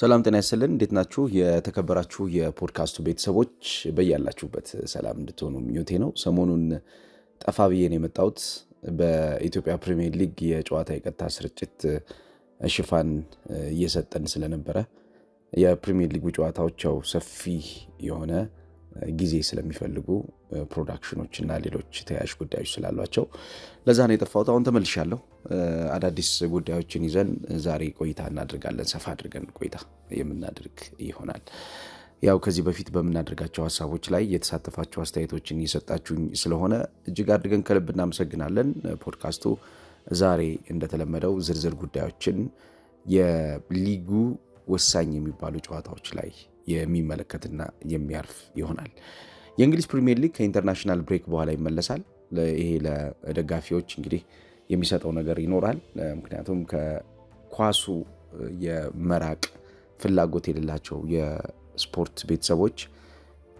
ሰላም ጤና ይስጥልን። እንዴት ናችሁ? የተከበራችሁ የፖድካስቱ ቤተሰቦች በያላችሁበት ሰላም እንድትሆኑ ምኞቴ ነው። ሰሞኑን ጠፋ ብዬ ነው የመጣሁት። በኢትዮጵያ ፕሪሚየር ሊግ የጨዋታ የቀጥታ ስርጭት ሽፋን እየሰጠን ስለነበረ የፕሪሚየር ሊጉ ጨዋታዎች ያው ሰፊ የሆነ ጊዜ ስለሚፈልጉ ፕሮዳክሽኖች እና ሌሎች ተያያዥ ጉዳዮች ስላሏቸው ለዛ ነው የጠፋሁት። አሁን ተመልሻለሁ። አዳዲስ ጉዳዮችን ይዘን ዛሬ ቆይታ እናደርጋለን። ሰፋ አድርገን ቆይታ የምናደርግ ይሆናል። ያው ከዚህ በፊት በምናደርጋቸው ሀሳቦች ላይ የተሳተፋቸው አስተያየቶችን እየሰጣችሁኝ ስለሆነ እጅግ አድርገን ከልብ እናመሰግናለን። ፖድካስቱ ዛሬ እንደተለመደው ዝርዝር ጉዳዮችን የሊጉ ወሳኝ የሚባሉ ጨዋታዎች ላይ የሚመለከትና የሚያርፍ ይሆናል። የእንግሊዝ ፕሪሚየር ሊግ ከኢንተርናሽናል ብሬክ በኋላ ይመለሳል። ይሄ ለደጋፊዎች እንግዲህ የሚሰጠው ነገር ይኖራል። ምክንያቱም ከኳሱ የመራቅ ፍላጎት የሌላቸው የስፖርት ቤተሰቦች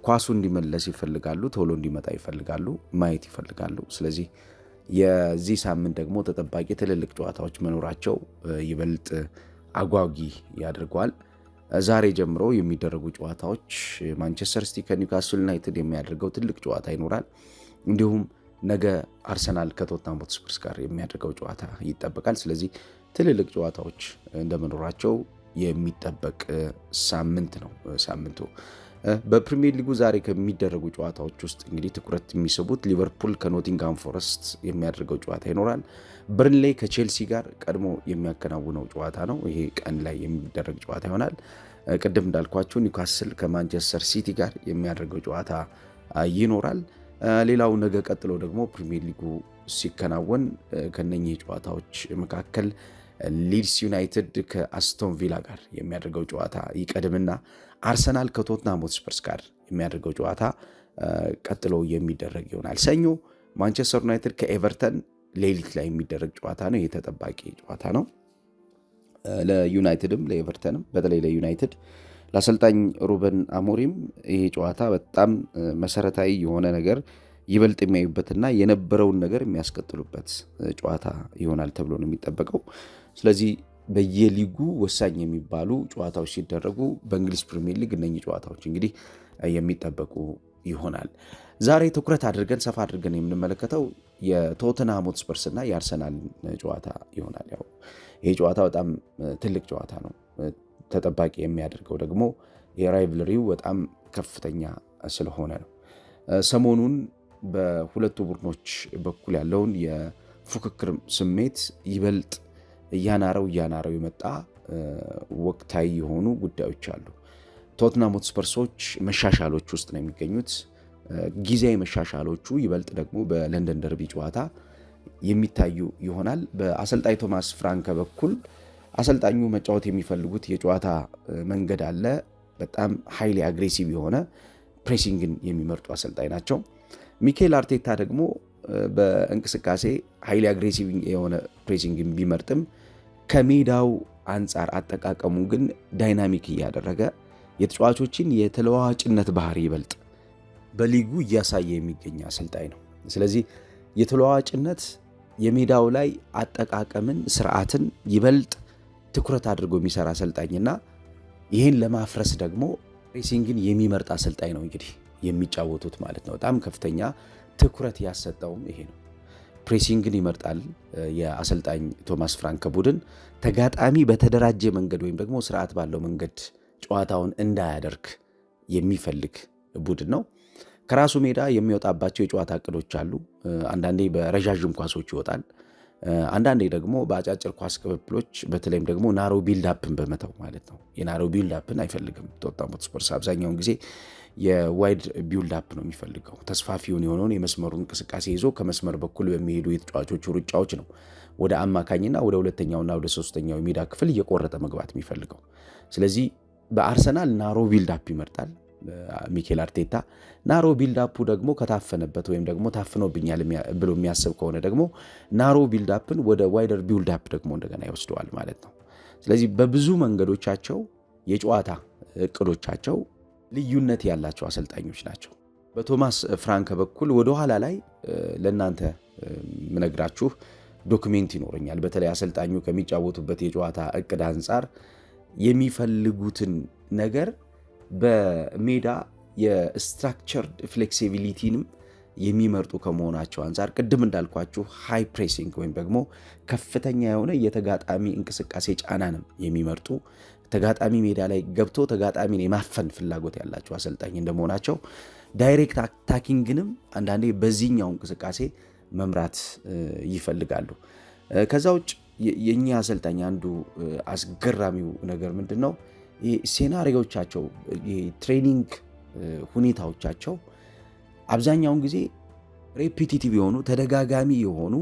ኳሱ እንዲመለስ ይፈልጋሉ፣ ቶሎ እንዲመጣ ይፈልጋሉ፣ ማየት ይፈልጋሉ። ስለዚህ የዚህ ሳምንት ደግሞ ተጠባቂ ትልልቅ ጨዋታዎች መኖራቸው ይበልጥ አጓጊ ያደርገዋል። ዛሬ ጀምሮ የሚደረጉ ጨዋታዎች ማንቸስተር ሲቲ ከኒውካስል ዩናይትድ የሚያደርገው ትልቅ ጨዋታ ይኖራል። እንዲሁም ነገ አርሰናል ከቶትናም ሆትስፐርስ ጋር የሚያደርገው ጨዋታ ይጠበቃል። ስለዚህ ትልልቅ ጨዋታዎች እንደመኖራቸው የሚጠበቅ ሳምንት ነው ሳምንቱ በፕሪሚየር ሊጉ ዛሬ ከሚደረጉ ጨዋታዎች ውስጥ እንግዲህ ትኩረት የሚስቡት ሊቨርፑል ከኖቲንግሃም ፎረስት የሚያደርገው ጨዋታ ይኖራል። በርንሌ ከቼልሲ ጋር ቀድሞ የሚያከናውነው ጨዋታ ነው። ይሄ ቀን ላይ የሚደረግ ጨዋታ ይሆናል። ቅድም እንዳልኳቸው ኒውካስል ከማንቸስተር ሲቲ ጋር የሚያደርገው ጨዋታ ይኖራል። ሌላው ነገ ቀጥሎ ደግሞ ፕሪሚየር ሊጉ ሲከናወን ከነኚህ ጨዋታዎች መካከል ሊድስ ዩናይትድ ከአስቶን ቪላ ጋር የሚያደርገው ጨዋታ ይቀድምና አርሰናል ከቶትናም ሆትስፐርስ ጋር የሚያደርገው ጨዋታ ቀጥሎ የሚደረግ ይሆናል። ሰኞ ማንቸስተር ዩናይትድ ከኤቨርተን ሌሊት ላይ የሚደረግ ጨዋታ ነው። ይህ ተጠባቂ ጨዋታ ነው ለዩናይትድም ለኤቨርተንም፣ በተለይ ለዩናይትድ ለአሰልጣኝ ሩበን አሞሪም ይሄ ጨዋታ በጣም መሰረታዊ የሆነ ነገር ይበልጥ የሚያዩበትና የነበረውን ነገር የሚያስቀጥሉበት ጨዋታ ይሆናል ተብሎ ነው የሚጠበቀው። ስለዚህ በየሊጉ ወሳኝ የሚባሉ ጨዋታዎች ሲደረጉ በእንግሊዝ ፕሪሚየር ሊግ እነኚህ ጨዋታዎች እንግዲህ የሚጠበቁ ይሆናል። ዛሬ ትኩረት አድርገን ሰፋ አድርገን የምንመለከተው የቶተንሃም ሆትስፐርስ እና የአርሰናል ጨዋታ ይሆናል። ያው ይሄ ጨዋታ በጣም ትልቅ ጨዋታ ነው። ተጠባቂ የሚያደርገው ደግሞ የራይቭልሪው በጣም ከፍተኛ ስለሆነ ነው። ሰሞኑን በሁለቱ ቡድኖች በኩል ያለውን የፉክክር ስሜት ይበልጥ እያናረው እያናረው የመጣ ወቅታዊ የሆኑ ጉዳዮች አሉ። ቶትናም ሆትስፐርሶች መሻሻሎች ውስጥ ነው የሚገኙት። ጊዜያዊ መሻሻሎቹ ይበልጥ ደግሞ በለንደን ደርቢ ጨዋታ የሚታዩ ይሆናል። በአሰልጣኝ ቶማስ ፍራንከ በኩል አሰልጣኙ መጫወት የሚፈልጉት የጨዋታ መንገድ አለ። በጣም ሀይሊ አግሬሲቭ የሆነ ፕሬሲንግን የሚመርጡ አሰልጣኝ ናቸው። ሚካኤል አርቴታ ደግሞ በእንቅስቃሴ ሀይሊ አግሬሲቭ የሆነ ፕሬሲንግ ቢመርጥም ከሜዳው አንጻር አጠቃቀሙ ግን ዳይናሚክ እያደረገ የተጫዋቾችን የተለዋዋጭነት ባህሪ ይበልጥ በሊጉ እያሳየ የሚገኝ አሰልጣኝ ነው። ስለዚህ የተለዋዋጭነት የሜዳው ላይ አጠቃቀምን፣ ስርዓትን ይበልጥ ትኩረት አድርጎ የሚሰራ አሰልጣኝና ይህን ለማፍረስ ደግሞ ፕሬሲንግን የሚመርጥ አሰልጣኝ ነው እንግዲህ የሚጫወቱት ማለት ነው። በጣም ከፍተኛ ትኩረት ያሰጠውም ይሄ ነው። ፕሬሲንግን ይመርጣል የአሰልጣኝ ቶማስ ፍራንክ ቡድን ተጋጣሚ በተደራጀ መንገድ ወይም ደግሞ ስርዓት ባለው መንገድ ጨዋታውን እንዳያደርግ የሚፈልግ ቡድን ነው። ከራሱ ሜዳ የሚወጣባቸው የጨዋታ እቅዶች አሉ። አንዳንዴ በረዣዥም ኳሶች ይወጣል። አንዳንዴ ደግሞ በአጫጭር ኳስ ቅብብሎች በተለይም ደግሞ ናሮ ቢልዳፕን በመተው ማለት ነው። የናሮ ቢልዳፕን አይፈልግም ቶተንሃም ስፐርስ። አብዛኛውን ጊዜ የዋይድ ቢልዳፕ ነው የሚፈልገው። ተስፋፊውን የሆነውን የመስመሩ እንቅስቃሴ ይዞ ከመስመር በኩል በሚሄዱ የተጫዋቾቹ ሩጫዎች ነው ወደ አማካኝና ወደ ሁለተኛውና ወደ ሶስተኛው የሜዳ ክፍል እየቆረጠ መግባት የሚፈልገው። ስለዚህ በአርሰናል ናሮ ቢልዳፕ ይመርጣል። ሚኬል አርቴታ ናሮ ቢልዳፑ ደግሞ ከታፈነበት ወይም ደግሞ ታፍኖብኛል ብሎ የሚያስብ ከሆነ ደግሞ ናሮ ቢልዳፕን ወደ ዋይደር ቢልዳፕ ደግሞ እንደገና ይወስደዋል ማለት ነው። ስለዚህ በብዙ መንገዶቻቸው የጨዋታ እቅዶቻቸው ልዩነት ያላቸው አሰልጣኞች ናቸው። በቶማስ ፍራንክ በኩል ወደኋላ ላይ ለእናንተ ምነግራችሁ ዶክሜንት ይኖረኛል። በተለይ አሰልጣኙ ከሚጫወቱበት የጨዋታ እቅድ አንጻር የሚፈልጉትን ነገር በሜዳ የስትራክቸርድ ፍሌክሲቢሊቲንም የሚመርጡ ከመሆናቸው አንጻር ቅድም እንዳልኳችሁ ሃይ ፕሬሲንግ ወይም ደግሞ ከፍተኛ የሆነ የተጋጣሚ እንቅስቃሴ ጫናንም የሚመርጡ ተጋጣሚ ሜዳ ላይ ገብቶ ተጋጣሚን የማፈን ፍላጎት ያላቸው አሰልጣኝ እንደመሆናቸው ዳይሬክት አታኪንግንም አንዳንዴ በዚህኛው እንቅስቃሴ መምራት ይፈልጋሉ። ከዛ ውጭ የእኛ አሰልጣኝ አንዱ አስገራሚው ነገር ምንድን ነው? ሴናሪዎቻቸው ትሬኒንግ ሁኔታዎቻቸው አብዛኛውን ጊዜ ሬፒቲቲቭ የሆኑ ተደጋጋሚ የሆኑ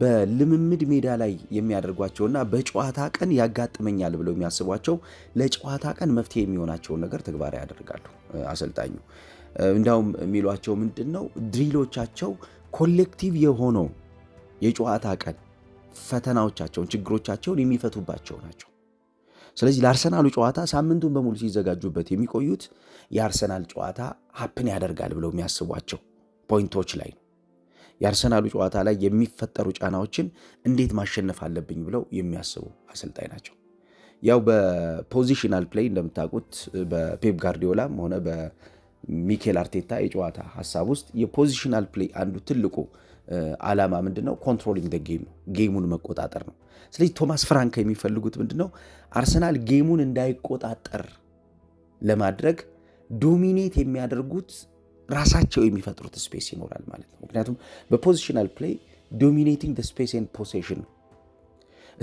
በልምምድ ሜዳ ላይ የሚያደርጓቸውና በጨዋታ ቀን ያጋጥመኛል ብለው የሚያስቧቸው ለጨዋታ ቀን መፍትሄ የሚሆናቸውን ነገር ተግባራዊ ያደርጋሉ። አሰልጣኙ እንዲያውም የሚሏቸው ምንድን ነው? ድሪሎቻቸው ኮሌክቲቭ የሆነው የጨዋታ ቀን ፈተናዎቻቸውን፣ ችግሮቻቸውን የሚፈቱባቸው ናቸው። ስለዚህ ለአርሰናሉ ጨዋታ ሳምንቱን በሙሉ ሲዘጋጁበት የሚቆዩት የአርሰናል ጨዋታ ሀፕን ያደርጋል ብለው የሚያስቧቸው ፖይንቶች ላይ ነው። የአርሰናሉ ጨዋታ ላይ የሚፈጠሩ ጫናዎችን እንዴት ማሸነፍ አለብኝ ብለው የሚያስቡ አሰልጣኝ ናቸው። ያው በፖዚሽናል ፕሌይ እንደምታውቁት በፔፕ ጋርዲዮላም ሆነ በሚኬል አርቴታ የጨዋታ ሀሳብ ውስጥ የፖዚሽናል ፕሌይ አንዱ ትልቁ አላማ ምንድነው? ኮንትሮሊንግ ደ ጌም ነው። ጌሙን መቆጣጠር ነው። ስለዚህ ቶማስ ፍራንካ የሚፈልጉት ምንድነው? አርሰናል ጌሙን እንዳይቆጣጠር ለማድረግ ዶሚኔት የሚያደርጉት ራሳቸው የሚፈጥሩት ስፔስ ይኖራል ማለት ነው። ምክንያቱም በፖዚሽናል ፕሌይ ዶሚኔቲንግ ስፔስ ኤንድ ፖሴሽን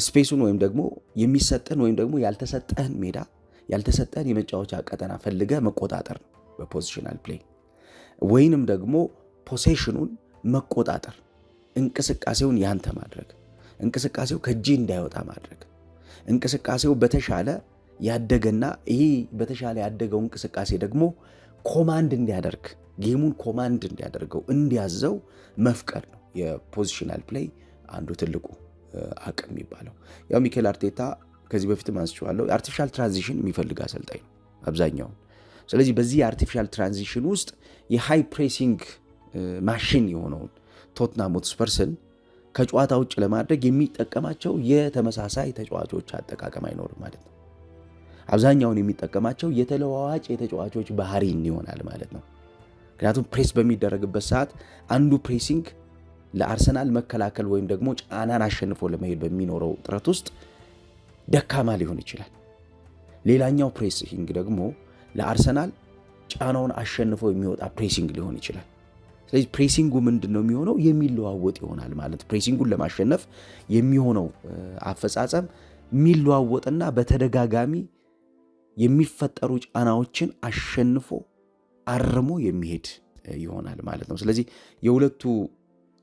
ስፔሱን ወይም ደግሞ የሚሰጠን ወይም ደግሞ ያልተሰጠህን ሜዳ ያልተሰጠህን የመጫወቻ ቀጠና ፈልገ መቆጣጠር ነው በፖዚሽናል ፕሌይ ወይንም ደግሞ ፖሴሽኑን መቆጣጠር፣ እንቅስቃሴውን ያንተ ማድረግ፣ እንቅስቃሴው ከእጅ እንዳይወጣ ማድረግ እንቅስቃሴው በተሻለ ያደገና ይህ በተሻለ ያደገው እንቅስቃሴ ደግሞ ኮማንድ እንዲያደርግ ጌሙን ኮማንድ እንዲያደርገው እንዲያዘው መፍቀድ ነው። የፖዚሽናል ፕሌይ አንዱ ትልቁ አቅም የሚባለው ያው ሚኬል አርቴታ ከዚህ በፊትም አንስቼዋለሁ። የአርቲፊሻል ትራንዚሽን የሚፈልግ አሰልጣኝ ነው አብዛኛውን። ስለዚህ በዚህ የአርቲፊሻል ትራንዚሽን ውስጥ የሃይ ፕሬሲንግ ማሽን የሆነውን ቶትናም ሆትስፐርስን ከጨዋታ ውጭ ለማድረግ የሚጠቀማቸው የተመሳሳይ ተጫዋቾች አጠቃቀም አይኖርም ማለት ነው። አብዛኛውን የሚጠቀማቸው የተለዋዋጭ የተጫዋቾች ባህሪ ይሆናል ማለት ነው። ምክንያቱም ፕሬስ በሚደረግበት ሰዓት አንዱ ፕሬሲንግ ለአርሰናል መከላከል ወይም ደግሞ ጫናን አሸንፎ ለመሄድ በሚኖረው ጥረት ውስጥ ደካማ ሊሆን ይችላል። ሌላኛው ፕሬሲንግ ደግሞ ለአርሰናል ጫናውን አሸንፎ የሚወጣ ፕሬሲንግ ሊሆን ይችላል። ስለዚህ ፕሬሲንጉ ምንድን ነው የሚሆነው የሚለዋወጥ ይሆናል ማለት ፕሬሲንጉን ለማሸነፍ የሚሆነው አፈጻጸም የሚለዋወጥና በተደጋጋሚ የሚፈጠሩ ጫናዎችን አሸንፎ አርሞ የሚሄድ ይሆናል ማለት ነው። ስለዚህ የሁለቱ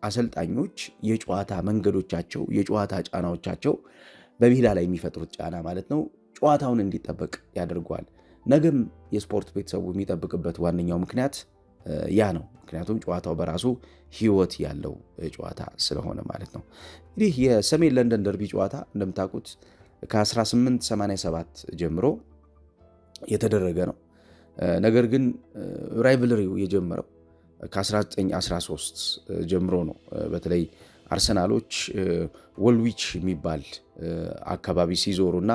አሰልጣኞች የጨዋታ መንገዶቻቸው፣ የጨዋታ ጫናዎቻቸው በሜዳ ላይ የሚፈጥሩት ጫና ማለት ነው ጨዋታውን እንዲጠበቅ ያደርገዋል። ነገም የስፖርት ቤተሰቡ የሚጠብቅበት ዋነኛው ምክንያት ያ ነው። ምክንያቱም ጨዋታው በራሱ ህይወት ያለው ጨዋታ ስለሆነ ማለት ነው። እንግዲህ የሰሜን ለንደን ደርቢ ጨዋታ እንደምታውቁት ከ1887 ጀምሮ የተደረገ ነው። ነገር ግን ራይቭልሪው የጀመረው ከ1913 ጀምሮ ነው። በተለይ አርሰናሎች ወልዊች የሚባል አካባቢ ሲዞሩ እና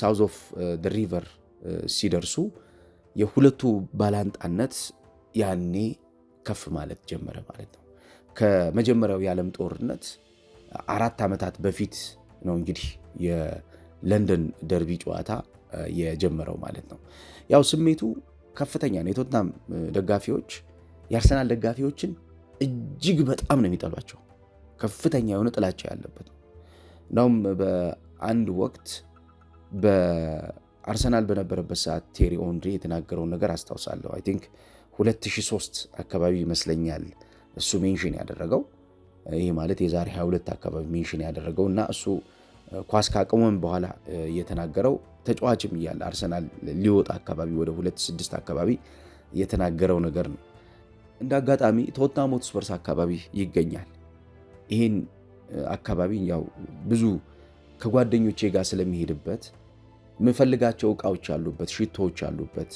ሳውዝ ኦፍ ሪቨር ሲደርሱ የሁለቱ ባላንጣነት ያኔ ከፍ ማለት ጀመረ ማለት ነው። ከመጀመሪያው የዓለም ጦርነት አራት ዓመታት በፊት ነው እንግዲህ የለንደን ደርቢ ጨዋታ የጀመረው ማለት ነው። ያው ስሜቱ ከፍተኛ ነው። የቶትናም ደጋፊዎች የአርሰናል ደጋፊዎችን እጅግ በጣም ነው የሚጠሏቸው። ከፍተኛ የሆነ ጥላቸው ያለበት ነው። በአንድ ወቅት በአርሰናል በነበረበት ሰዓት ቴሪ ኦንሪ የተናገረውን ነገር አስታውሳለሁ። አይ ቲንክ 2003 አካባቢ ይመስለኛል እሱ ሜንሽን ያደረገው። ይህ ማለት የዛሬ 22 አካባቢ ሜንሽን ያደረገው እና እሱ ኳስ ካቆመም በኋላ የተናገረው ተጫዋችም እያለ አርሰናል ሊወጣ አካባቢ ወደ 26 አካባቢ የተናገረው ነገር ነው። እንደ አጋጣሚ ቶትናም ሆትስፐርስ አካባቢ ይገኛል። ይህን አካባቢ ያው ብዙ ከጓደኞቼ ጋር ስለሚሄድበት የምፈልጋቸው እቃዎች አሉበት፣ ሽቶዎች አሉበት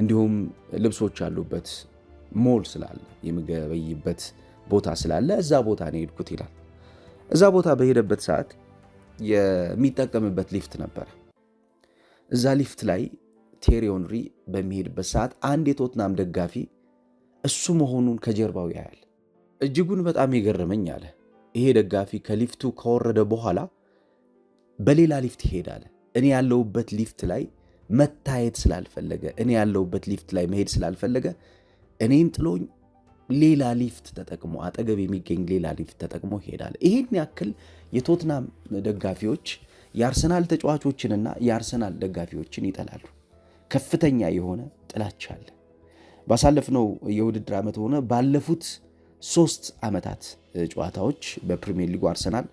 እንዲሁም ልብሶች ያሉበት ሞል ስላለ የምገበይበት ቦታ ስላለ እዛ ቦታ ነው የሄድኩት ይላል። እዛ ቦታ በሄደበት ሰዓት የሚጠቀምበት ሊፍት ነበረ። እዛ ሊፍት ላይ ቴሪ ሄንሪ በሚሄድበት ሰዓት አንድ የቶትናም ደጋፊ እሱ መሆኑን ከጀርባው ያያል። እጅጉን በጣም የገረመኝ አለ ይሄ ደጋፊ ከሊፍቱ ከወረደ በኋላ በሌላ ሊፍት ይሄዳል። እኔ ያለሁበት ሊፍት ላይ መታየት ስላልፈለገ፣ እኔ ያለሁበት ሊፍት ላይ መሄድ ስላልፈለገ እኔን ጥሎኝ ሌላ ሊፍት ተጠቅሞ አጠገብ የሚገኝ ሌላ ሊፍት ተጠቅሞ ይሄዳል። ይህን ያክል የቶትናም ደጋፊዎች የአርሰናል ተጫዋቾችንና የአርሰናል ደጋፊዎችን ይጠላሉ። ከፍተኛ የሆነ ጥላቻ አለ። ባሳለፍነው የውድድር ዓመት ሆነ ባለፉት ሶስት ዓመታት ጨዋታዎች በፕሪሚየር ሊጉ አርሰናል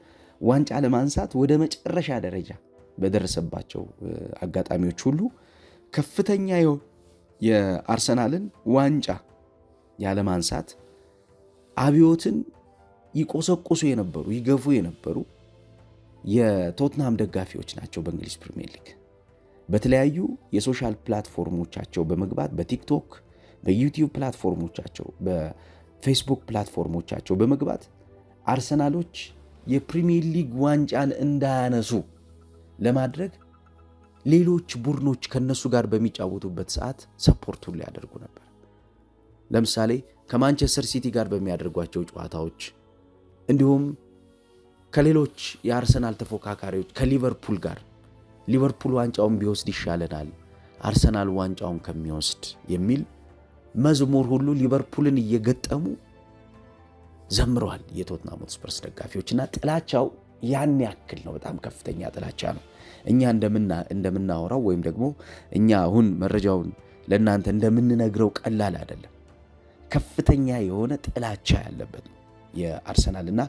ዋንጫ ለማንሳት ወደ መጨረሻ ደረጃ በደረሰባቸው አጋጣሚዎች ሁሉ ከፍተኛ የአርሰናልን ዋንጫ ያለማንሳት አብዮትን ይቆሰቁሱ የነበሩ ይገፉ የነበሩ የቶትናም ደጋፊዎች ናቸው። በእንግሊዝ ፕሪሚየር ሊግ በተለያዩ የሶሻል ፕላትፎርሞቻቸው በመግባት በቲክቶክ፣ በዩቲዩብ ፕላትፎርሞቻቸው፣ በፌስቡክ ፕላትፎርሞቻቸው በመግባት አርሰናሎች የፕሪሚየር ሊግ ዋንጫን እንዳያነሱ ለማድረግ ሌሎች ቡድኖች ከነሱ ጋር በሚጫወቱበት ሰዓት ሰፖርቱ ሊያደርጉ ነበር። ለምሳሌ ከማንቸስተር ሲቲ ጋር በሚያደርጓቸው ጨዋታዎች እንዲሁም ከሌሎች የአርሰናል ተፎካካሪዎች ከሊቨርፑል ጋር ሊቨርፑል ዋንጫውን ቢወስድ ይሻለናል አርሰናል ዋንጫውን ከሚወስድ የሚል መዝሙር ሁሉ ሊቨርፑልን እየገጠሙ ዘምረዋል የቶትናም ሆትስፐርስ እና ጥላቻው ያን ያክል ነው። በጣም ከፍተኛ ጥላቻ ነው። እኛ እንደምናወራው ወይም ደግሞ እኛ አሁን መረጃውን ለእናንተ እንደምንነግረው ቀላል አይደለም። ከፍተኛ የሆነ ጥላቻ ያለበት ነው። የአርሰናልና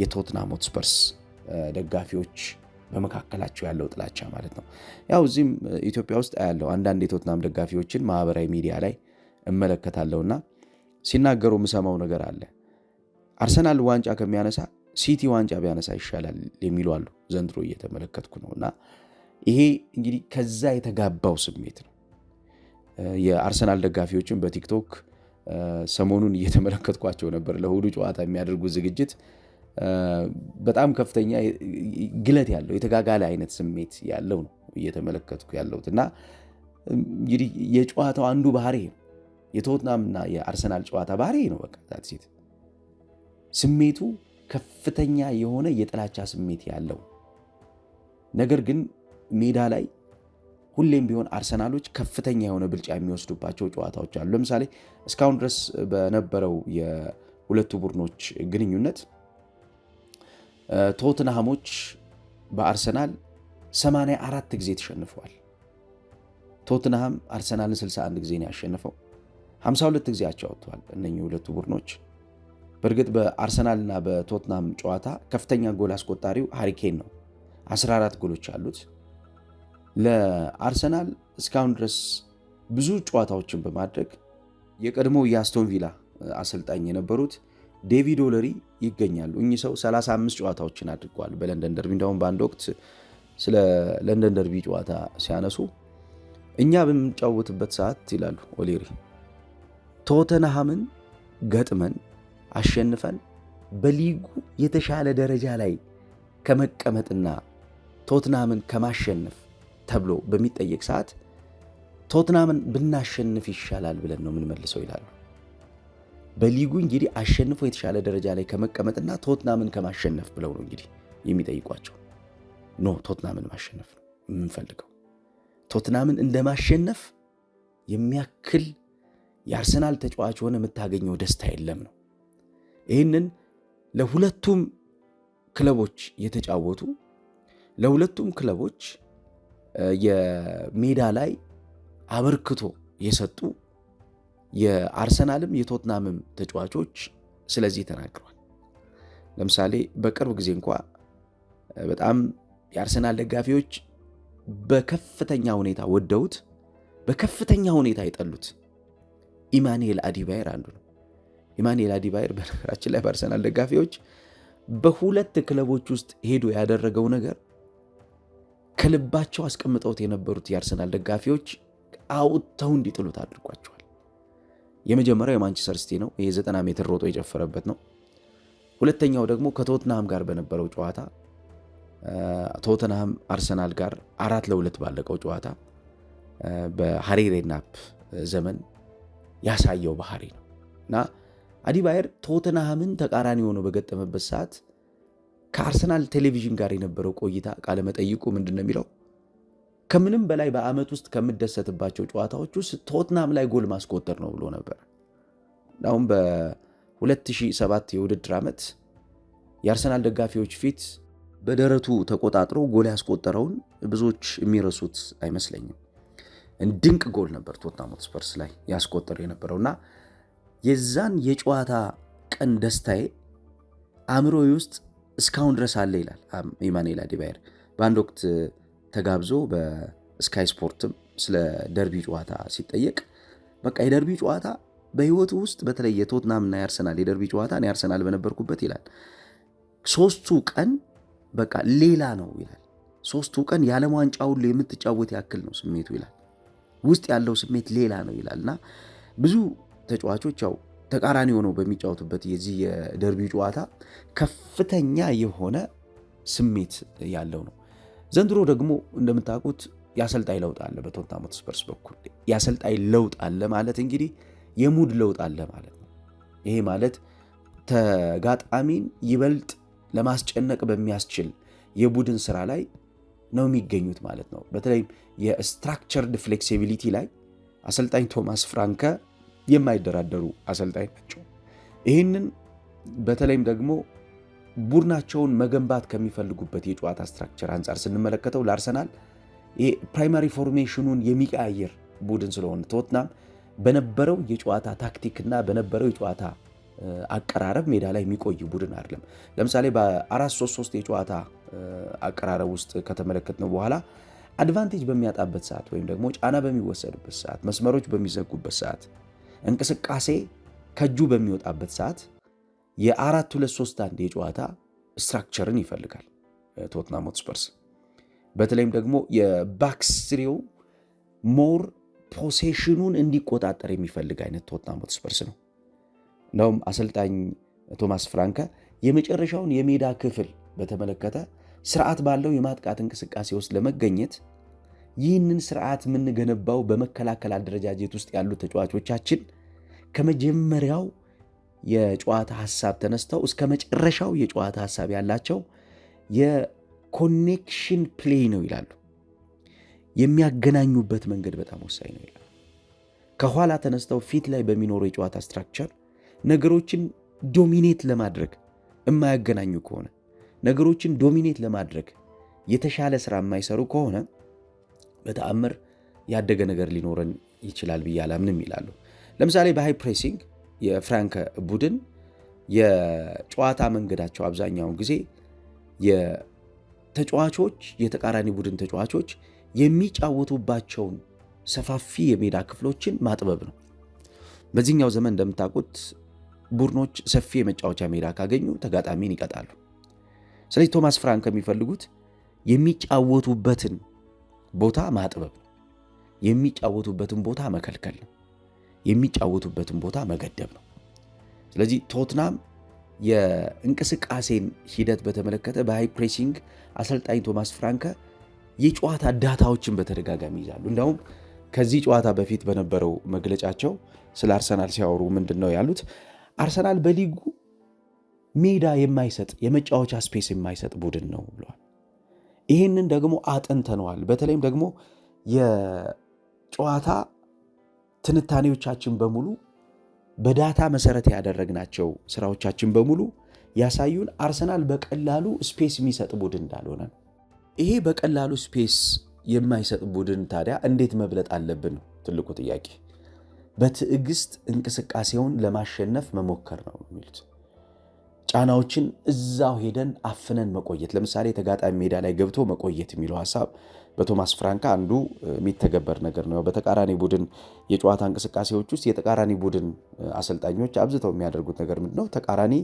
የቶትናም ሆትስፐርስ ደጋፊዎች በመካከላቸው ያለው ጥላቻ ማለት ነው። ያው እዚህም ኢትዮጵያ ውስጥ ያለው አንዳንድ የቶትናም ደጋፊዎችን ማህበራዊ ሚዲያ ላይ እመለከታለሁና ሲናገሩ የምሰማው ነገር አለ። አርሰናል ዋንጫ ከሚያነሳ ሲቲ ዋንጫ ቢያነሳ ይሻላል የሚሉ አሉ። ዘንድሮ እየተመለከትኩ ነው እና ይሄ እንግዲህ ከዛ የተጋባው ስሜት ነው። የአርሰናል ደጋፊዎችን በቲክቶክ ሰሞኑን እየተመለከትኳቸው ነበር። ለእሁዱ ጨዋታ የሚያደርጉት ዝግጅት በጣም ከፍተኛ ግለት ያለው የተጋጋለ አይነት ስሜት ያለው ነው እየተመለከትኩ ያለሁት እና እንግዲህ የጨዋታው አንዱ ባህሪ ነው። የቶትናምና የአርሰናል ጨዋታ ባህሪ ነው። በቃ ሴት ስሜቱ ከፍተኛ የሆነ የጥላቻ ስሜት ያለው ነገር ግን ሜዳ ላይ ሁሌም ቢሆን አርሰናሎች ከፍተኛ የሆነ ብልጫ የሚወስዱባቸው ጨዋታዎች አሉ። ለምሳሌ እስካሁን ድረስ በነበረው የሁለቱ ቡድኖች ግንኙነት ቶትናሃሞች በአርሰናል 84 ጊዜ ተሸንፈዋል። ቶትናሃም አርሰናልን 61 ጊዜ ነው ያሸነፈው። 52 ጊዜ አቻ ወጥተዋል እነኚህ ሁለቱ ቡድኖች። በእርግጥ በአርሰናልና በቶትናም ጨዋታ ከፍተኛ ጎል አስቆጣሪው ሃሪኬን ነው፣ 14 ጎሎች አሉት። ለአርሰናል እስካሁን ድረስ ብዙ ጨዋታዎችን በማድረግ የቀድሞ የአስቶን ቪላ አሰልጣኝ የነበሩት ዴቪድ ኦለሪ ይገኛሉ። እኚህ ሰው 35 ጨዋታዎችን አድርገዋል በለንደን ደርቢ። እንደውም በአንድ ወቅት ስለ ለንደን ደርቢ ጨዋታ ሲያነሱ እኛ በምንጫወትበት ሰዓት ይላሉ ኦሌሪ ቶተንሃምን ገጥመን አሸንፈን በሊጉ የተሻለ ደረጃ ላይ ከመቀመጥና ቶትናምን ከማሸነፍ ተብሎ በሚጠየቅ ሰዓት ቶትናምን ብናሸንፍ ይሻላል ብለን ነው የምንመልሰው ይላሉ። በሊጉ እንግዲህ አሸንፎ የተሻለ ደረጃ ላይ ከመቀመጥና ቶትናምን ከማሸነፍ ብለው ነው እንግዲህ የሚጠይቋቸው። ኖ ቶትናምን ማሸነፍ ነው የምንፈልገው። ቶትናምን እንደማሸነፍ የሚያክል የአርሰናል ተጫዋች ሆነ የምታገኘው ደስታ የለም ነው ይህንን ለሁለቱም ክለቦች የተጫወቱ ለሁለቱም ክለቦች የሜዳ ላይ አበርክቶ የሰጡ የአርሰናልም የቶትናምም ተጫዋቾች ስለዚህ ተናግሯል። ለምሳሌ በቅርብ ጊዜ እንኳ በጣም የአርሰናል ደጋፊዎች በከፍተኛ ሁኔታ ወደውት በከፍተኛ ሁኔታ የጠሉት ኢማኑኤል አዲባየር አንዱ ነው። ኢማኑኤል ዲቫይር በነገራችን ላይ በአርሰናል ደጋፊዎች በሁለት ክለቦች ውስጥ ሄዶ ያደረገው ነገር ከልባቸው አስቀምጠውት የነበሩት የአርሰናል ደጋፊዎች አውጥተው እንዲጥሉት አድርጓቸዋል። የመጀመሪያው የማንቸስተር ሲቲ ነው። ይሄ 90 ሜትር ሮጦ የጨፈረበት ነው። ሁለተኛው ደግሞ ከቶትናሃም ጋር በነበረው ጨዋታ ቶትናሃም አርሰናል ጋር አራት ለሁለት ባለቀው ጨዋታ በሃሪ ሬድናፕ ዘመን ያሳየው ባህሪ ነው እና አዲባየር ቶተንሃምን ተቃራኒ ሆኖ በገጠመበት ሰዓት ከአርሰናል ቴሌቪዥን ጋር የነበረው ቆይታ ቃለመጠይቁ ምንድን ነው የሚለው? ከምንም በላይ በዓመት ውስጥ ከምደሰትባቸው ጨዋታዎች ውስጥ ቶትናም ላይ ጎል ማስቆጠር ነው ብሎ ነበር። አሁን በ2007 የውድድር ዓመት የአርሰናል ደጋፊዎች ፊት በደረቱ ተቆጣጥሮ ጎል ያስቆጠረውን ብዙዎች የሚረሱት አይመስለኝም። ድንቅ ጎል ነበር ቶትናም ሆትስፐርስ ላይ ያስቆጠረ የነበረውና የዛን የጨዋታ ቀን ደስታዬ አእምሮዬ ውስጥ እስካሁን ድረስ አለ ይላል ኢማኑኤል አዴባየር። በአንድ ወቅት ተጋብዞ በስካይ ስፖርትም ስለ ደርቢ ጨዋታ ሲጠየቅ በቃ የደርቢ ጨዋታ በህይወቱ ውስጥ በተለይ የቶትናምና የአርሰናል የደርቢ ጨዋታ ያርሰናል አርሰናል በነበርኩበት ይላል ሶስቱ ቀን በቃ ሌላ ነው ይላል። ሶስቱ ቀን የዓለም ዋንጫ ሁሉ የምትጫወት ያክል ነው ስሜቱ ይላል። ውስጥ ያለው ስሜት ሌላ ነው ይላል እና ብዙ ተጫዋቾች ያው ተቃራኒ ሆነው በሚጫወቱበት የዚህ የደርቢ ጨዋታ ከፍተኛ የሆነ ስሜት ያለው ነው። ዘንድሮ ደግሞ እንደምታውቁት የአሰልጣኝ ለውጥ አለ። በቶተንሃም ስፐርስ በኩል የአሰልጣኝ ለውጥ አለ ማለት እንግዲህ የሙድ ለውጥ አለ ማለት ነው። ይሄ ማለት ተጋጣሚን ይበልጥ ለማስጨነቅ በሚያስችል የቡድን ስራ ላይ ነው የሚገኙት ማለት ነው። በተለይም የስትራክቸርድ ፍሌክሲቢሊቲ ላይ አሰልጣኝ ቶማስ ፍራንከ የማይደራደሩ አሰልጣኝ ናቸው። ይህንን በተለይም ደግሞ ቡድናቸውን መገንባት ከሚፈልጉበት የጨዋታ ስትራክቸር አንጻር ስንመለከተው ለአርሰናል ፕራይማሪ ፎርሜሽኑን የሚቀያየር ቡድን ስለሆነ ቶትናም በነበረው የጨዋታ ታክቲክና በነበረው የጨዋታ አቀራረብ ሜዳ ላይ የሚቆይ ቡድን አይደለም። ለምሳሌ በአራት ሶስት ሶስት የጨዋታ አቀራረብ ውስጥ ከተመለከትነው በኋላ አድቫንቴጅ በሚያጣበት ሰዓት ወይም ደግሞ ጫና በሚወሰድበት ሰዓት፣ መስመሮች በሚዘጉበት ሰዓት እንቅስቃሴ ከእጁ በሚወጣበት ሰዓት የአራት ሁለት ሶስት አንድ የጨዋታ ስትራክቸርን ይፈልጋል ቶትናም ሆትስፐርስ። በተለይም ደግሞ የባክስትሪው ሞር ፖሴሽኑን እንዲቆጣጠር የሚፈልግ አይነት ቶትናም ሆትስፐርስ ነው። እንደውም አሰልጣኝ ቶማስ ፍራንከ የመጨረሻውን የሜዳ ክፍል በተመለከተ ስርዓት ባለው የማጥቃት እንቅስቃሴ ውስጥ ለመገኘት ይህንን ስርዓት የምንገነባው በመከላከል አደረጃጀት ውስጥ ያሉ ተጫዋቾቻችን ከመጀመሪያው የጨዋታ ሀሳብ ተነስተው እስከ መጨረሻው የጨዋታ ሀሳብ ያላቸው የኮኔክሽን ፕሌይ ነው ይላሉ። የሚያገናኙበት መንገድ በጣም ወሳኝ ነው ይላሉ። ከኋላ ተነስተው ፊት ላይ በሚኖረው የጨዋታ ስትራክቸር ነገሮችን ዶሚኔት ለማድረግ የማያገናኙ ከሆነ ነገሮችን ዶሚኔት ለማድረግ የተሻለ ስራ የማይሰሩ ከሆነ በተአምር ያደገ ነገር ሊኖረን ይችላል ብዬ አላምንም ይላሉ። ለምሳሌ በሃይ ፕሬሲንግ የፍራንክ ቡድን የጨዋታ መንገዳቸው አብዛኛውን ጊዜ የተጫዋቾች የተቃራኒ ቡድን ተጫዋቾች የሚጫወቱባቸውን ሰፋፊ የሜዳ ክፍሎችን ማጥበብ ነው። በዚህኛው ዘመን እንደምታውቁት ቡድኖች ሰፊ የመጫወቻ ሜዳ ካገኙ ተጋጣሚን ይቀጣሉ። ስለዚህ ቶማስ ፍራንክ የሚፈልጉት የሚጫወቱበትን ቦታ ማጥበብ፣ የሚጫወቱበትን ቦታ መከልከል ነው። የሚጫወቱበትን ቦታ መገደብ ነው። ስለዚህ ቶትናም የእንቅስቃሴን ሂደት በተመለከተ በሃይ ፕሬሲንግ አሰልጣኝ ቶማስ ፍራንከ የጨዋታ ዳታዎችን በተደጋጋሚ ይዛሉ። እንዲሁም ከዚህ ጨዋታ በፊት በነበረው መግለጫቸው ስለ አርሰናል ሲያወሩ ምንድን ነው ያሉት? አርሰናል በሊጉ ሜዳ የማይሰጥ የመጫወቻ ስፔስ የማይሰጥ ቡድን ነው ብለዋል። ይህንን ደግሞ አጥንተነዋል። በተለይም ደግሞ የጨዋታ ትንታኔዎቻችን በሙሉ በዳታ መሰረት ያደረግናቸው ስራዎቻችን በሙሉ ያሳዩን አርሰናል በቀላሉ ስፔስ የሚሰጥ ቡድን እንዳልሆነ ይሄ በቀላሉ ስፔስ የማይሰጥ ቡድን ታዲያ እንዴት መብለጥ አለብን ነው ትልቁ ጥያቄ። በትዕግስት እንቅስቃሴውን ለማሸነፍ መሞከር ነው የሚሉት ጫናዎችን እዛው ሄደን አፍነን መቆየት፣ ለምሳሌ ተጋጣሚ ሜዳ ላይ ገብቶ መቆየት የሚለው ሀሳብ በቶማስ ፍራንካ አንዱ የሚተገበር ነገር ነው። በተቃራኒ ቡድን የጨዋታ እንቅስቃሴዎች ውስጥ የተቃራኒ ቡድን አሰልጣኞች አብዝተው የሚያደርጉት ነገር ምንድነው? ተቃራኒ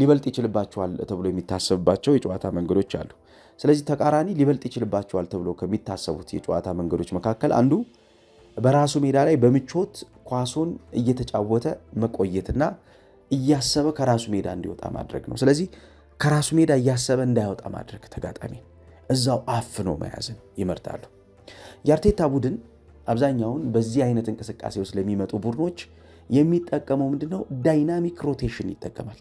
ሊበልጥ ይችልባቸዋል ተብሎ የሚታሰብባቸው የጨዋታ መንገዶች አሉ። ስለዚህ ተቃራኒ ሊበልጥ ይችልባቸዋል ተብሎ ከሚታሰቡት የጨዋታ መንገዶች መካከል አንዱ በራሱ ሜዳ ላይ በምቾት ኳሱን እየተጫወተ መቆየትና እያሰበ ከራሱ ሜዳ እንዲወጣ ማድረግ ነው። ስለዚህ ከራሱ ሜዳ እያሰበ እንዳይወጣ ማድረግ ተጋጣሚ እዛው አፍኖ መያዝን ይመርጣሉ። የአርቴታ ቡድን አብዛኛውን በዚህ አይነት እንቅስቃሴ ውስጥ ለሚመጡ ቡድኖች የሚጠቀመው ምንድነው? ዳይናሚክ ሮቴሽን ይጠቀማል።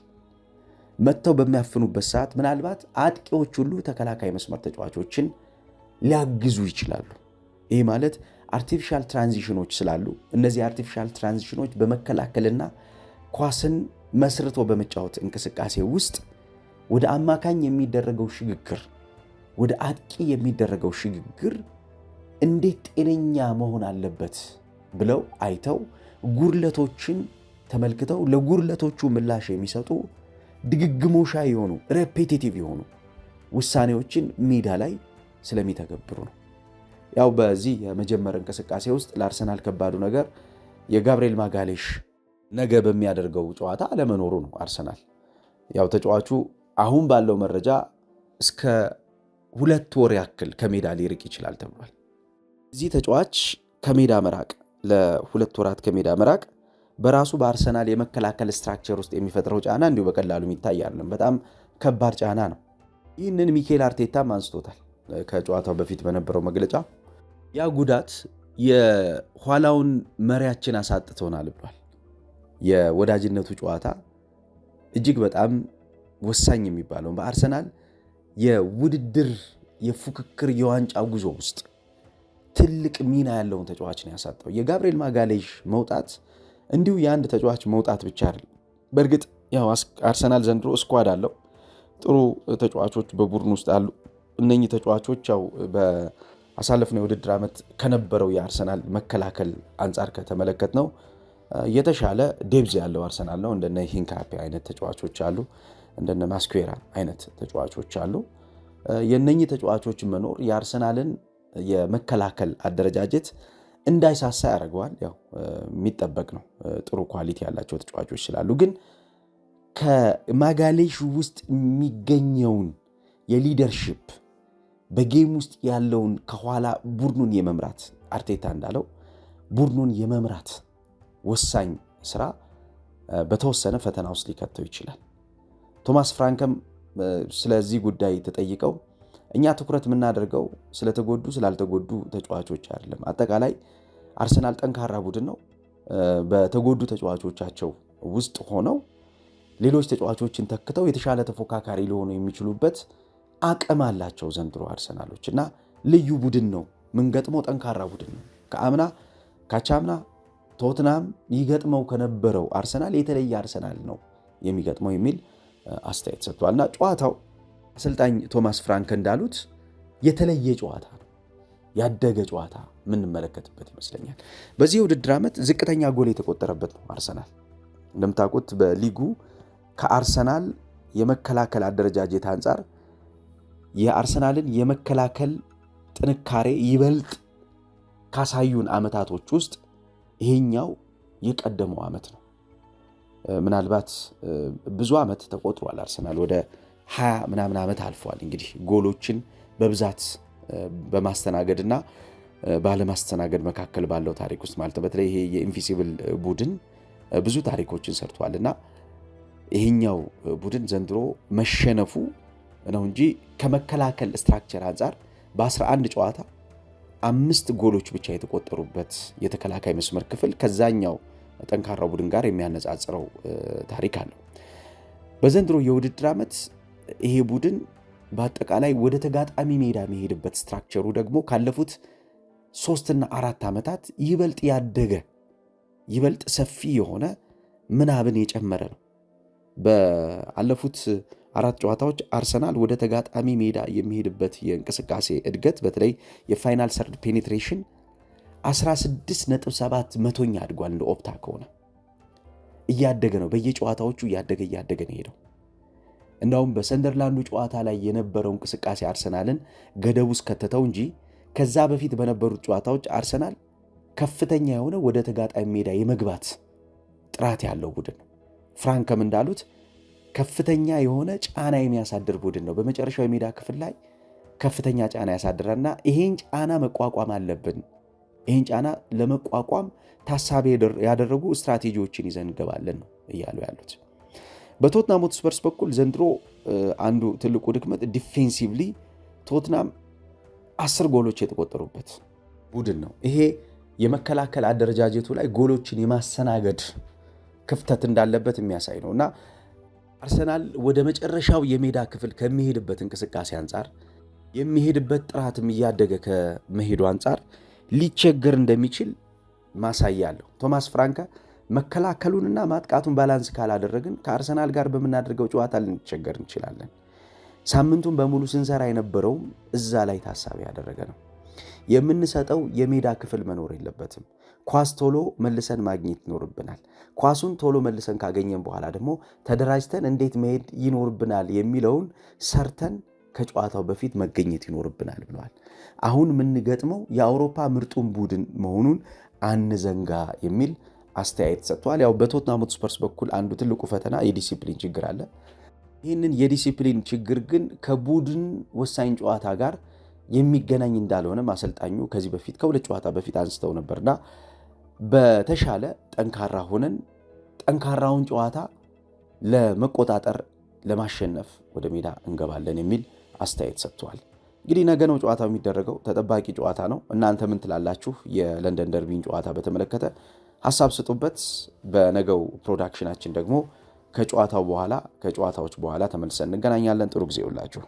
መጥተው በሚያፍኑበት ሰዓት ምናልባት አጥቂዎች ሁሉ ተከላካይ መስመር ተጫዋቾችን ሊያግዙ ይችላሉ። ይህ ማለት አርቲፊሻል ትራንዚሽኖች ስላሉ እነዚህ አርቲፊሻል ትራንዚሽኖች በመከላከልና ኳስን መስርቶ በመጫወት እንቅስቃሴ ውስጥ ወደ አማካኝ የሚደረገው ሽግግር፣ ወደ አጥቂ የሚደረገው ሽግግር እንዴት ጤነኛ መሆን አለበት ብለው አይተው ጉድለቶችን ተመልክተው ለጉድለቶቹ ምላሽ የሚሰጡ ድግግሞሻ የሆኑ ሬፔቲቲቭ የሆኑ ውሳኔዎችን ሜዳ ላይ ስለሚተገብሩ ነው። ያው በዚህ የመጀመር እንቅስቃሴ ውስጥ ለአርሰናል ከባዱ ነገር የጋብርኤል ማጋሌሽ ነገ በሚያደርገው ጨዋታ አለመኖሩ ነው። አርሰናል ያው ተጫዋቹ አሁን ባለው መረጃ እስከ ሁለት ወር ያክል ከሜዳ ሊርቅ ይችላል ተብሏል። እዚህ ተጫዋች ከሜዳ መራቅ ለሁለት ወራት ከሜዳ መራቅ በራሱ በአርሰናል የመከላከል ስትራክቸር ውስጥ የሚፈጥረው ጫና እንዲሁ በቀላሉ የሚታይ አይደለም። በጣም ከባድ ጫና ነው። ይህንን ሚኬል አርቴታም አንስቶታል። ከጨዋታው በፊት በነበረው መግለጫ ያ ጉዳት የኋላውን መሪያችን አሳጥቶናል ብሏል። የወዳጅነቱ ጨዋታ እጅግ በጣም ወሳኝ የሚባለው በአርሰናል የውድድር የፉክክር የዋንጫ ጉዞ ውስጥ ትልቅ ሚና ያለውን ተጫዋች ነው ያሳጣው። የጋብርኤል ማጋሌዥ መውጣት እንዲሁ የአንድ ተጫዋች መውጣት ብቻ አይደለም። በእርግጥ ያው አርሰናል ዘንድሮ እስኳድ አለው፣ ጥሩ ተጫዋቾች በቡድን ውስጥ አሉ። እነኚህ ተጫዋቾች ያው በአሳለፍነው የውድድር ዓመት ከነበረው የአርሰናል መከላከል አንጻር ከተመለከት ነው የተሻለ ዴብዝ ያለው አርሰናል ነው። እንደነ ሂንካፔ አይነት ተጫዋቾች አሉ፣ እንደነ ማስኩዌራ አይነት ተጫዋቾች አሉ። የነኚህ ተጫዋቾች መኖር የአርሰናልን የመከላከል አደረጃጀት እንዳይሳሳ ያደርገዋል። ያው የሚጠበቅ ነው፣ ጥሩ ኳሊቲ ያላቸው ተጫዋቾች ስላሉ። ግን ከማጋሌሽ ውስጥ የሚገኘውን የሊደርሽፕ በጌም ውስጥ ያለውን ከኋላ ቡድኑን የመምራት አርቴታ እንዳለው ቡድኑን የመምራት ወሳኝ ስራ በተወሰነ ፈተና ውስጥ ሊከተው ይችላል። ቶማስ ፍራንክም ስለዚህ ጉዳይ ተጠይቀው እኛ ትኩረት የምናደርገው ስለተጎዱ ስላልተጎዱ ተጫዋቾች አይደለም፣ አጠቃላይ አርሰናል ጠንካራ ቡድን ነው። በተጎዱ ተጫዋቾቻቸው ውስጥ ሆነው ሌሎች ተጫዋቾችን ተክተው የተሻለ ተፎካካሪ ሊሆኑ የሚችሉበት አቅም አላቸው ዘንድሮ አርሰናሎች እና ልዩ ቡድን ነው። ምንገጥመው ጠንካራ ቡድን ነው። ከአምና ካቻምና ቶትናም ይገጥመው ከነበረው አርሰናል የተለየ አርሰናል ነው የሚገጥመው የሚል አስተያየት ሰጥቷል። እና ጨዋታው አሰልጣኝ ቶማስ ፍራንክ እንዳሉት የተለየ ጨዋታ ነው፣ ያደገ ጨዋታ የምንመለከትበት ይመስለኛል። በዚህ የውድድር ዓመት ዝቅተኛ ጎል የተቆጠረበት ነው አርሰናል። እንደምታውቁት በሊጉ ከአርሰናል የመከላከል አደረጃጀት አንጻር የአርሰናልን የመከላከል ጥንካሬ ይበልጥ ካሳዩን ዓመታቶች ውስጥ ይሄኛው የቀደመው ዓመት ነው። ምናልባት ብዙ ዓመት ተቆጥሯል። አርሰናል ወደ ሀያ ምናምን ዓመት አልፏል። እንግዲህ ጎሎችን በብዛት በማስተናገድና ባለማስተናገድ መካከል ባለው ታሪክ ውስጥ ማለት በተለይ ይሄ የኢንቪሲብል ቡድን ብዙ ታሪኮችን ሰርቷል እና ይሄኛው ቡድን ዘንድሮ መሸነፉ ነው እንጂ ከመከላከል ስትራክቸር አንጻር በ11 ጨዋታ አምስት ጎሎች ብቻ የተቆጠሩበት የተከላካይ መስመር ክፍል ከዛኛው ጠንካራው ቡድን ጋር የሚያነጻጽረው ታሪክ አለው። በዘንድሮ የውድድር ዓመት ይሄ ቡድን በአጠቃላይ ወደ ተጋጣሚ ሜዳ የሚሄድበት ስትራክቸሩ ደግሞ ካለፉት ሶስትና አራት ዓመታት ይበልጥ ያደገ ይበልጥ ሰፊ የሆነ ምናብን የጨመረ ነው። በአለፉት አራት ጨዋታዎች አርሰናል ወደ ተጋጣሚ ሜዳ የሚሄድበት የእንቅስቃሴ እድገት በተለይ የፋይናል ሰርድ ፔኔትሬሽን 16.7 መቶኛ አድጓል። እንደ ኦፕታ ከሆነ እያደገ ነው። በየጨዋታዎቹ እያደገ እያደገ ነው ሄደው እንዳውም በሰንደርላንዱ ጨዋታ ላይ የነበረው እንቅስቃሴ አርሰናልን ገደብ ውስጥ ከተተው እንጂ ከዛ በፊት በነበሩት ጨዋታዎች አርሰናል ከፍተኛ የሆነ ወደ ተጋጣሚ ሜዳ የመግባት ጥራት ያለው ቡድን ነው። ፍራንከም እንዳሉት ከፍተኛ የሆነ ጫና የሚያሳድር ቡድን ነው። በመጨረሻው የሜዳ ክፍል ላይ ከፍተኛ ጫና ያሳድራልና ይሄን ጫና መቋቋም አለብን። ይህን ጫና ለመቋቋም ታሳቢ ያደረጉ ስትራቴጂዎችን ይዘን እንገባለን ነው እያሉ ያሉት። በቶትናም ሆትስፐርስ በኩል ዘንድሮ አንዱ ትልቁ ድክመት ዲፌንሲቭሊ ቶትናም አስር ጎሎች የተቆጠሩበት ቡድን ነው። ይሄ የመከላከል አደረጃጀቱ ላይ ጎሎችን የማስተናገድ ክፍተት እንዳለበት የሚያሳይ ነው እና አርሰናል ወደ መጨረሻው የሜዳ ክፍል ከሚሄድበት እንቅስቃሴ አንጻር የሚሄድበት ጥራትም እያደገ ከመሄዱ አንጻር ሊቸገር እንደሚችል ማሳያ አለው። ቶማስ ፍራንካ መከላከሉንና ማጥቃቱን ባላንስ ካላደረግን ከአርሰናል ጋር በምናደርገው ጨዋታ ልንቸገር እንችላለን። ሳምንቱን በሙሉ ስንሰራ የነበረውም እዛ ላይ ታሳቢ ያደረገ ነው። የምንሰጠው የሜዳ ክፍል መኖር የለበትም። ኳስ ቶሎ መልሰን ማግኘት ይኖርብናል። ኳሱን ቶሎ መልሰን ካገኘን በኋላ ደግሞ ተደራጅተን እንዴት መሄድ ይኖርብናል የሚለውን ሰርተን ከጨዋታው በፊት መገኘት ይኖርብናል ብለዋል። አሁን የምንገጥመው የአውሮፓ ምርጡን ቡድን መሆኑን አንዘንጋ የሚል አስተያየት ሰጥተዋል። ያው በቶትናም ስፐርስ በኩል አንዱ ትልቁ ፈተና የዲሲፕሊን ችግር አለ። ይህንን የዲሲፕሊን ችግር ግን ከቡድን ወሳኝ ጨዋታ ጋር የሚገናኝ እንዳልሆነም አሰልጣኙ ከዚህ በፊት ከሁለት ጨዋታ በፊት አንስተው ነበርና በተሻለ ጠንካራ ሆነን ጠንካራውን ጨዋታ ለመቆጣጠር ለማሸነፍ ወደ ሜዳ እንገባለን የሚል አስተያየት ሰጥቷል። እንግዲህ ነገ ነው ጨዋታው የሚደረገው፣ ተጠባቂ ጨዋታ ነው። እናንተ ምን ትላላችሁ? የለንደን ደርቢን ጨዋታ በተመለከተ ሀሳብ ስጡበት። በነገው ፕሮዳክሽናችን ደግሞ ከጨዋታው በኋላ ከጨዋታዎች በኋላ ተመልሰን እንገናኛለን። ጥሩ ጊዜ ይውላችሁ።